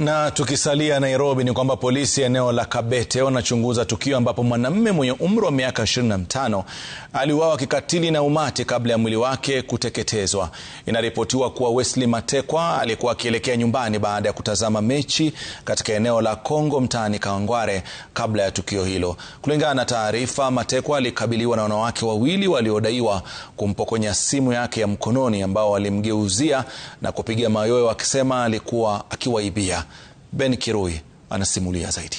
Na tukisalia Nairobi ni kwamba polisi eneo la Kabete wanachunguza tukio ambapo mwanamume mwenye umri wa miaka 25 aliuawa kikatili na umati kabla ya mwili wake kuteketezwa. Inaripotiwa kuwa Wesley Matekwa alikuwa akielekea nyumbani baada ya kutazama mechi katika eneo la Kongo mtaani Kawangware kabla ya tukio hilo. Kulingana na taarifa, Matekwa alikabiliwa na wanawake wawili waliodaiwa kumpokonya simu yake ya mkononi ambao walimgeuzia na kupiga mayowe wakisema alikuwa akiwaibia. Ben Kiroi anasimulia zaidi.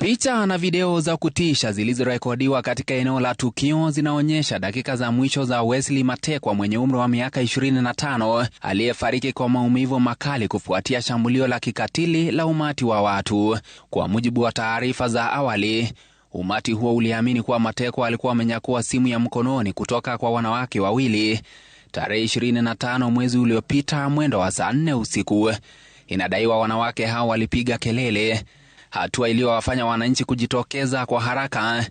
Picha na video za kutisha zilizorekodiwa katika eneo la tukio zinaonyesha dakika za mwisho za Wesley Matekwa mwenye umri wa miaka 25 aliyefariki kwa maumivu makali kufuatia shambulio la kikatili la umati wa watu. Kwa mujibu wa taarifa za awali, umati huo uliamini kuwa Matekwa alikuwa amenyakua simu ya mkononi kutoka kwa wanawake wawili tarehe 25 mwezi uliopita mwendo wa saa nne usiku. Inadaiwa wanawake hao walipiga kelele, hatua iliyowafanya wananchi kujitokeza kwa haraka.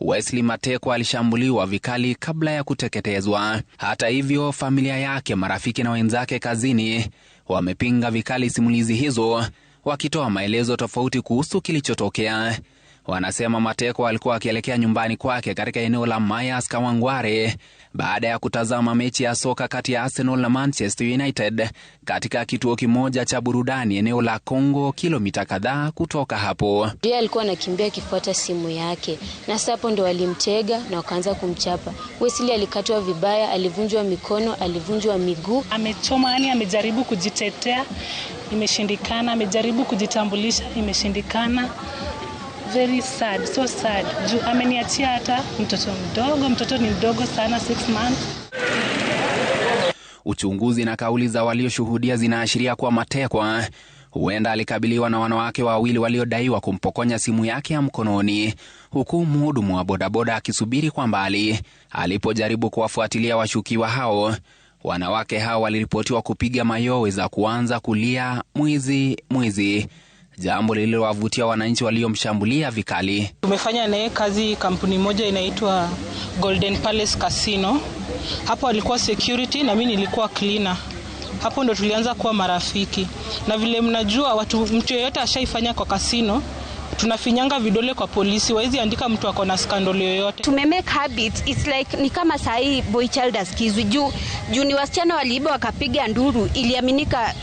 Wesley Mateko alishambuliwa vikali kabla ya kuteketezwa. Hata hivyo, familia yake, marafiki na wenzake kazini wamepinga vikali simulizi hizo, wakitoa maelezo tofauti kuhusu kilichotokea. Wanasema Mateko alikuwa akielekea nyumbani kwake katika eneo la Mayas Kawangware baada ya kutazama mechi ya soka kati ya Arsenal na Manchester United katika kituo kimoja cha burudani eneo la congo kilomita kadhaa kutoka hapo. Dia alikuwa anakimbia akifuata simu yake, na hapo ndo walimtega na wakaanza kumchapa. Wesley alikatwa vibaya, alivunjwa mikono, alivunjwa miguu, amechoma. Yani amejaribu kujitetea, imeshindikana. Amejaribu kujitambulisha, imeshindikana very sad, so sad juu ameniachia hata mtoto mdogo. Mtoto ni mdogo sana, six months. Uchunguzi na kauli za walioshuhudia zinaashiria kuwa Matekwa huenda alikabiliwa na wanawake wawili waliodaiwa kumpokonya simu yake ya mkononi, huku mhudumu wa bodaboda akisubiri kwa mbali alipojaribu kuwafuatilia washukiwa hao. Wanawake hao waliripotiwa kupiga mayowe za kuanza kulia mwizi mwizi jambo lililowavutia wananchi waliomshambulia vikali. Tumefanya naye kazi kampuni moja inaitwa Golden Palace Casino. Hapo alikuwa security na mi nilikuwa cleaner. Hapo ndo tulianza kuwa marafiki, na vile mnajua watu, mtu yeyote ashaifanya kwa kasino tunafinyanga vidole kwa polisi, waizi andika mtu ako na skandoli yoyote. Tumemake habit it's like ni kama saa hii boy child askizwi juu juu, ni wasichana waliiba wakapiga nduru, iliaminika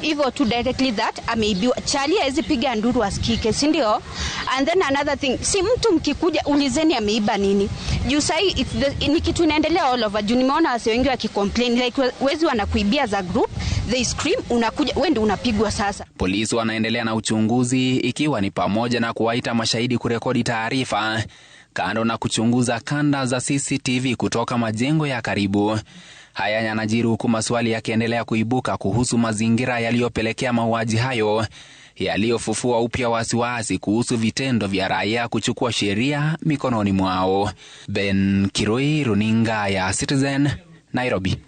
hivyo tu directly that ameibiwa. Chali hawezi piga nduru asikike, si ndio? And then another thing, si mtu mkikuja ulizeni ameiba nini. Juu sai ni kitu inaendelea all over. Juu nimeona wasi wengi wakicomplain like wezi wanakuibia za group they scream, unakuja wewe ndio unapigwa. Sasa polisi wanaendelea na uchunguzi ikiwa ni pamoja na kuwaita mashahidi kurekodi taarifa, kando na kuchunguza kanda za CCTV kutoka majengo ya karibu. Haya yanajiri huku maswali yakiendelea kuibuka kuhusu mazingira yaliyopelekea mauaji hayo yaliyofufua upya wasiwasi kuhusu vitendo vya raia kuchukua sheria mikononi mwao. Ben Kirui, runinga ya Citizen, Nairobi.